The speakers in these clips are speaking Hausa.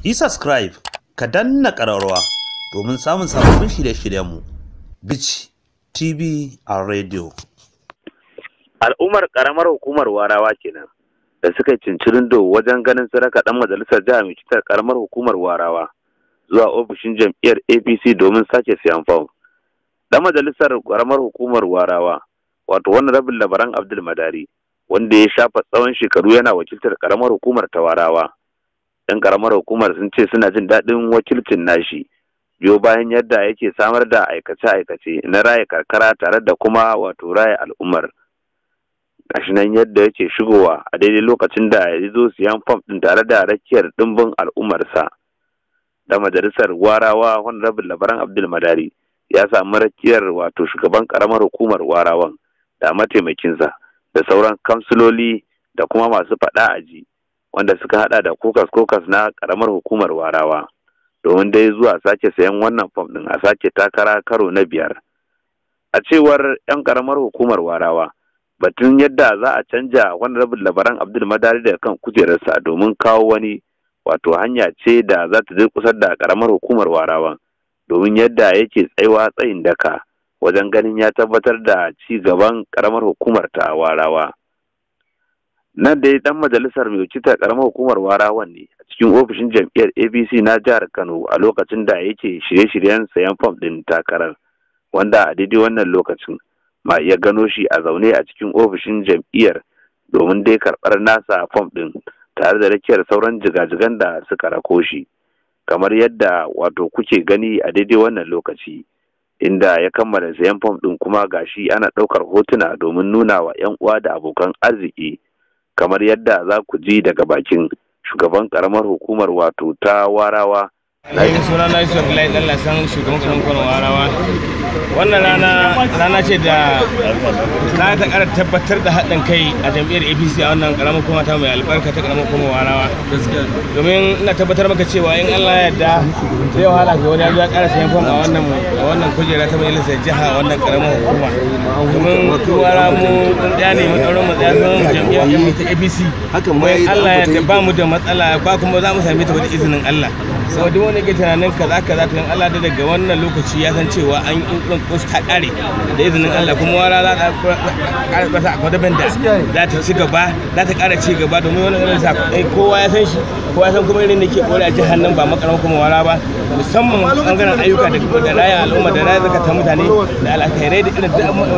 yi subscribe ka danna ƙararrawa domin samun sababbin shirye-shiryenmu bici tv a radio al'ummar ƙaramar hukumar warawa kenan da suka cincirin do wajen ganin saraka ɗan majalisar jiha mai cutar ƙaramar hukumar warawa zuwa ofishin jam'iyyar apc domin sake siyan fam ɗan majalisar ƙaramar hukumar warawa wato wani rabin labaran abdul madari wanda ya shafa tsawon shekaru yana wakiltar ƙaramar hukumar ta warawa 'yan karamar hukumar sun ce suna jin daɗin wakilcin nashi biyo bayan yadda yake samar da aikace-aikace na raya karkara tare da kuma wato raya al'ummar gashi nan yadda yake shigowa a daidai lokacin da ya zo siyan fam ɗin tare da rakiyar ɗimbin al'ummarsa da majalisar warawa honorable labaran abdul madari ya samu rakiyar wato shugaban karamar hukumar warawan da mataimakinsa da sauran kamsiloli da kuma masu faɗa a ji. wanda suka hada da kokas kokas na karamar hukumar warawa domin dai zuwa sake sayan wannan fom din a sake takara karo na biyar a cewar 'yan karamar hukumar warawa batun yadda za a canja wani rabin labaran abdul madari da kan kujerarsa domin kawo wani wato hanya ce da za ta je kusa da karamar hukumar warawa domin yadda yake tsaiwa tsayin daka wajen ganin ya tabbatar da ci gaban karamar hukumar ta warawa nan dai dan majalisar mai ta karamar hukumar warawan ne a cikin ofishin jam'iyyar apc na jihar kano a lokacin da yake shirye-shiryen sayan fom din takarar wanda a daidai wannan lokacin ma iya gano shi a zaune a cikin ofishin jam'iyyar domin dai karɓar nasa fom din tare da rakiyar sauran jigajigan da suka rako shi kamar yadda wato kuke gani a daidai wannan lokaci inda ya kammala sayan fom din kuma gashi ana ɗaukar hotuna domin nuna wa 'yan uwa da abokan arziki kamar yadda za ku ji daga bakin shugaban karamar hukumar wato ta warawa na yi suna na yusuf lai dalla san shugaban karamar warawa wannan rana rana ce da na ta kara tabbatar da haɗin kai a jam'iyyar apc a wannan karamar kuma ta mai albarka ta karamar kuma warawa domin ina tabbatar maka cewa in allah ya yarda zai wahala ga wani ya kara sayan fam a wannan kujera ta majalisar jiha a wannan karamar hukuma domin duwara mu ɗaya ne matsalar mu ɗaya zama jam'iyyar mu ta abc mai allah ya ta ba mu da matsala ba kuma za mu same ta wani izinin allah sau duk wani ke tunanin kaza kaza tunan allah da daga wannan lokaci ya san cewa an yi ɗan ƙoshi ta ƙare da izinin allah kuma wara za ta ƙara ƙasa a kwadaban da za ta ci gaba za ta ƙara ci gaba domin wani ƙarfi eh, kowa ya san shi ko san kuma irin da ke kore a jihar nan ba makarar kuma wara ba musamman bangaren ayyuka da da raya al'umma da raya ta mutane da alkhairai da irin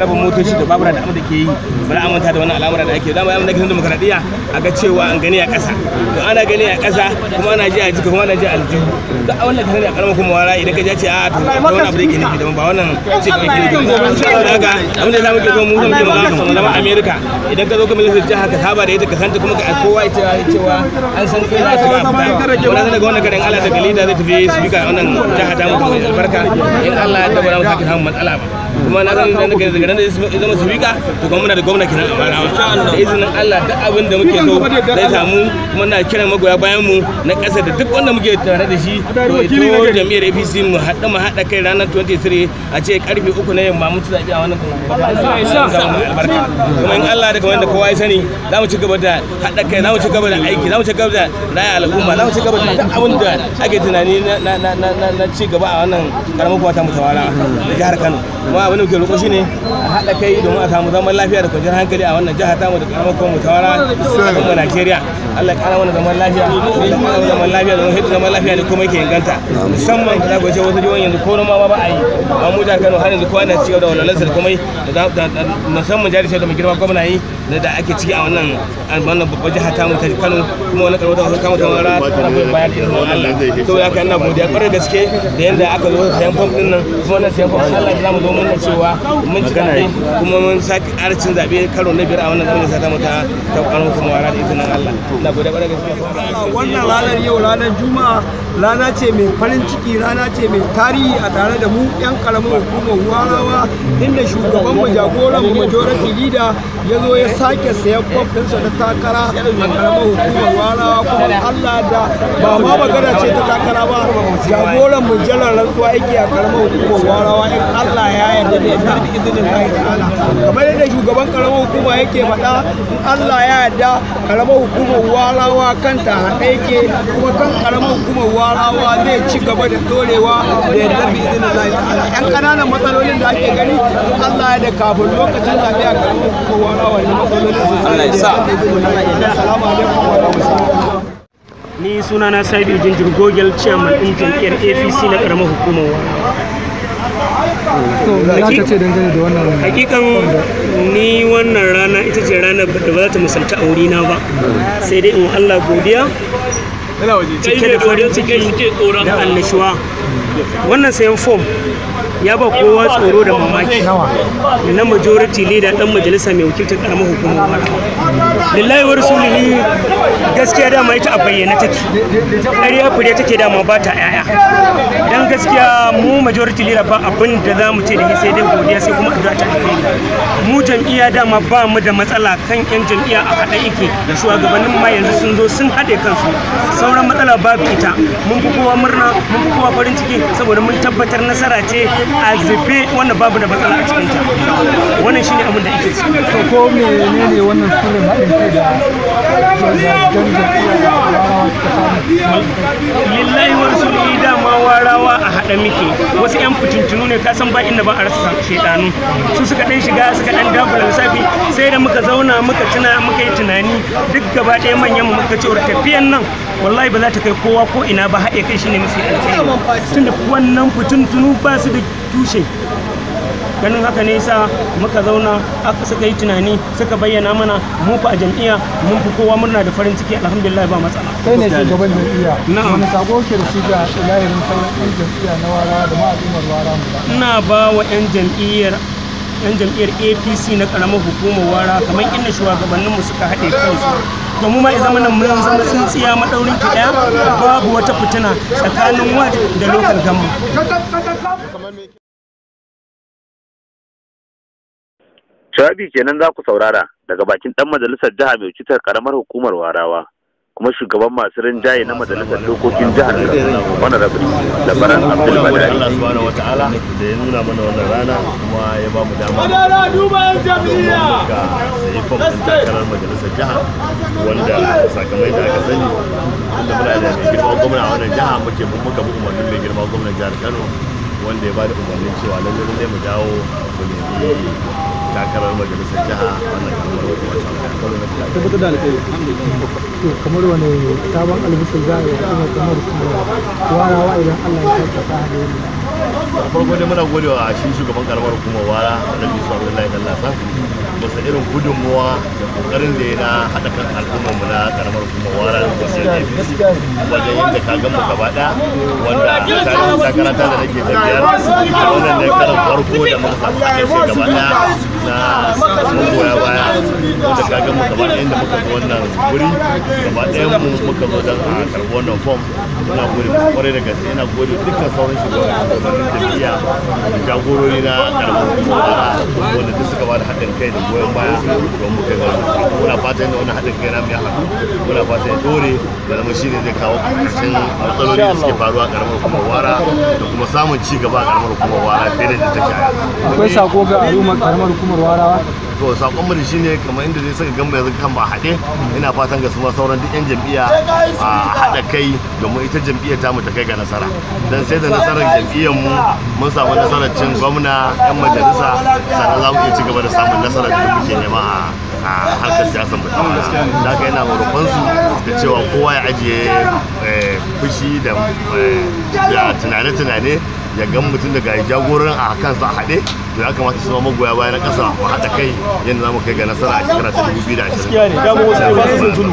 raba motoci da babura da da ke yi bari amanta da wani al'amura da ake zama yamma da kisan demokaradiyya a ga cewa an gani a ƙasa to ana gani a ƙasa kuma ana ji a jika kuma ana ji a aljihu da wannan kisan da karamar kuma wara idan ka ja ce a to wani abu da ke nufi da ba wannan ce ba ke nufi daga abin da zamu ke zo mu ke magana zama Amerika idan ka zo ka majalisar jihar ka saba da ita ka santa kuma ka kowa ya cewa an san kai shiga a fita wala zan ga wannan garin Allah daga lida zai tafi speaker wannan jihar ta mutum albarka in Allah ya tabbata mu sake samun matsala ba kuma na zan nan kai daga nan ya zama sibika to kuma muna da gwamna kenan amana da izinin Allah duk abin da muke so zai samu kuma na kira magoya bayan mu na ƙasa da duk wanda muke tare da shi to ito jami'ar APC mu haɗa mu haɗa kai ranar 23 a ce karfe uku na yamma mun ci zaɓe a wannan albarka kuma in Allah da kamar da kowa ya sani za mu ci gaba da haɗa kai za mu ci gaba da aiki za mu ci gaba da raya al'umma za mu ci gaba da duk abin da ake tunani na ci gaba a wannan karamar kwata mu tawara da jihar Kano abin da ke roƙo shine a haɗa kai domin a samu zaman lafiya da kwanciyar hankali a wannan jihar tamu da karamar kuma mu tawara da kuma Najeriya Allah ya ƙara mana zaman lafiya da ƙara zaman lafiya domin hidda zaman lafiya ne kuma yake inganta musamman da ga wasu jihohin yanzu ko noma ba a yi amma mu jihar Kano har yanzu kowa na ci da wannan lansa da da musamman jari da mai girma gwamna yi da ake ciki a wannan wannan babbar jihar tamu ta Kano kuma wannan karo da wasu kama tawara ta bayan irin Allah to ya kai ina godiya kwarai gaske da yanda aka zo sayan pump din nan kuma na sayan pump Allah ya zama domin cewa mun ci zaɓe kuma mun sake arcin zaɓe karo na biyar a wannan zaɓe da sata mata ta ƙwarar kuma wara da izinin Allah. Na gode ƙwarar gaske. Wannan ranar yau ranar Juma'a rana ce mai farin ciki rana ce mai tarihi a tare da mu 'yan karamin hukumar warawa inda shugaban mu jagoran mu majority leader ya zo ya sake sayan kwafinsa ta takara a karamar hukumar warawa kuma allah da ba ma magana ce ta takara ba jagoran mu jalar rantsuwa yake a karamar hukumar warawa in allah ya yarda da yarda da izinin lahi ta'ala kamar yadda shugaban karamar hukuma yake faɗa in allah ya yarda karamar hukumar warawa kanta haɗe yake kuma kan karamar hukumar warawa warawa zai ci gaba da dorewa da yardar bi izinin Allah ta'ala yan kananan matsalolin da ake gani Allah ya da kafin lokacin zabe a kan matsalolin su Allah ya ni sunana sabi jinjir gogel chairman din jam'iyyar apc na karamar hukumar hakikan ni wannan rana ita ce rana da ba za ta misalta a wurina ba sai dai in allah godiya cike da farin ciki da annashuwa wannan sayan fom ya ba kowa tsoro da mamaki na majority leader dan majalisa mai wakiltar karamar hukumar lillahi wa rasulihi gaskiya dama ita a bayyana take ƙarya fure take dama ba ta yaya dan gaskiya mu majority lira ba abin da za mu ce da sai dai godiya sai kuma addu'a ta alheri mu jam'iyya dama ba mu da matsala kan yan jam'iyya a haɗa yake shugabannin ma yanzu sun zo sun haɗe kansu sauran matsala bi ita mun fi kowa murna mun fi kowa farin ciki saboda mun tabbatar nasara ce a zube wannan babu da matsala a cikin ta wannan shine abin da ake ciki to ko menene wannan sunan haɗin lillahi wa rasulihi dama warawa a haɗa miki wasu yan fitintunu ne ka san ba inda ba arsa rasa shaidanu su suka dan shiga suka dan dabula lissafi sai da muka zauna muka tuna muka yi tunani duk gaba ɗaya manyan mu muka ce tafiyan nan wallahi ba za ta kai kowa ko ina ba haɗe kai shine mafi alheri tunda wannan fitintunu ba su da tushe ganin haka ne sa muka zauna aka suka yi tunani suka bayyana mana mu fa a jam'iyya mun fi kowa murna da farin ciki alhamdulillah ba matsala kai ne shugaban jam'iyya wani sako ke da shi ga ilahirin sauran yan jam'iyya na wara da ma'azumar wara ina ba wa yan jam'iyyar yan jam'iyyar apc na karamar hukumar wara kamar inda shugabanninmu suka haɗe kansu to mu ma ya zama nan mun zama tsintsiya madaurin ki babu wata fitina tsakanin ward da local gama. jawabi kenan za ku saurara daga bakin ɗan majalisar jiha mai citar karamar hukumar warawa kuma shugaban masu rinjaye na majalisar dokokin jihar wani rabin labaran abdul badari Allah subhanahu wa ta'ala da ya nuna mana wannan rana kuma ya ba mu dama madara duba yan jami'a ga sai fa takarar majalisar jiha wanda sakamai da aka sani wanda muna da mai girma gwamna a wannan jiha muke mun muka bi umarnin mai girma gwamnan jihar Kano wanda ya ba da umarnin cewa lallai mu dawo mu nemi takarar majalisar jiha wannan kamar wata wata tabbatar da alkhairi to kamar wani sabon albishir za a yi kuma kamar kuma wa idan Allah ya kai kasa da yi farko dai muna gode wa shi shugaban karamar hukumar wara alhaji su abdullahi dallasa masa irin gudunmuwa da kokarin da ya na haɗa kan al'ummar mu na karamar hukumar wara da wasu wajen yadda ka gan mu gaba ɗaya wanda tarihin sakarata da nake tafiyar a wannan ne karin farko da muka samu a kai gaba ɗaya na magoya baya wanda ka gama gaba ɗaya da muka zo wannan guri gaba ɗayan mu muka zo don a karɓi wannan fom ina gode kware da gaske ina gode dukkan sauran shugabannin jam'iyya da jagorori na ƙarfin kuma wanda duk suka bada haɗin kai da goyon baya don mu kai ga muna fata yadda wannan haɗin kai na mu ya haɗu muna fata ya dore da zama shi ne zai kawo ƙarshen matsaloli da suke faruwa a ƙaramar kuma wara da kuma samun ci gaba a ƙaramar kuma wara fiye da take a yanzu. akwai sako ga al'ummar ƙaramar kuma. al'ummar warawa to sakon mu shine kamar inda dai suka gamba yanzu kan ba haɗe ina fatan ga su ma sauran duk yan jam'iyya a haɗa kai domin ita jam'iyyar ta mu ta kai ga nasara dan sai da nasarar jam'iyyar mu mun samu nasarar cin gwamna yan majalisa sannan za mu iya ci gaba da samun nasarar da muke nema a harkar siyasar mu da haka yana roƙon su da cewa kowa ya ajiye eh, fushi da eh, tunane-tunane ya ga mutum daga ya jagoran a kansa a haɗe to ya kamata su zama goya bayan ƙasa mu haɗa kai yadda za mu kai ga nasara a shekara ta dubu biyu da ashirin. gaskiya ne dama wasu ba su tunu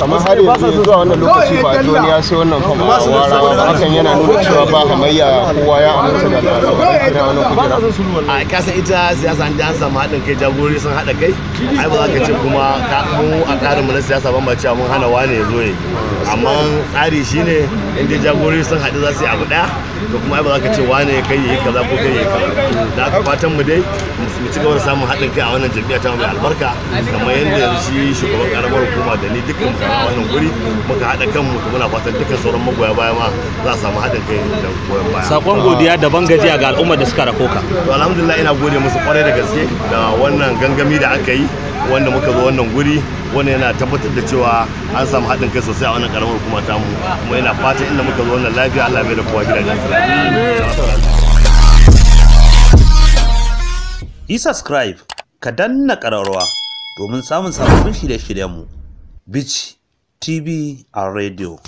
kamar har yanzu zuwa wannan lokaci ba tuni ya sai wannan fama a wara hakan yana nuna cewa ba hamayya kowa ya amince da labarai wani kujera. a kasa ita siyasa an dan samu haɗin kai jagorori sun haɗa kai ai ba za ka ce kuma ka mu a tsarin mu na siyasa ban ba cewa mun hana wane ya zo ne amma tsari shine in jagorori sun haɗu za su yi abu ɗaya to kuma ai ba za ka ce wane kai yayi kaza ko kai yayi kaza da aka fatan mu dai mu ci gaba da samun haɗin kai a wannan jami'a ta mai albarka kamar yadda yanzu shi shugaban karamar hukuma da ni dukkan mu a wannan guri muka haɗa kanmu kuma na fatan dukkan sauran magoya baya ma za a samu haɗin kai da goyon baya sakon godiya da ban gajiya ga al'ummar da suka rako ka to alhamdulillah ina gode musu kwarai da gaske da wannan gangami da aka yi wanda muka zo wannan guri wanda yana tabbatar da cewa an samu haɗin kai sosai a wannan kuma ta mu kuma yana fatan inda muka zo wannan lafiya Allah mai da kowa gidan yi subscribe ka danna ƙararrawa domin samun sababbin shirye-shiryenmu bitch tv a radio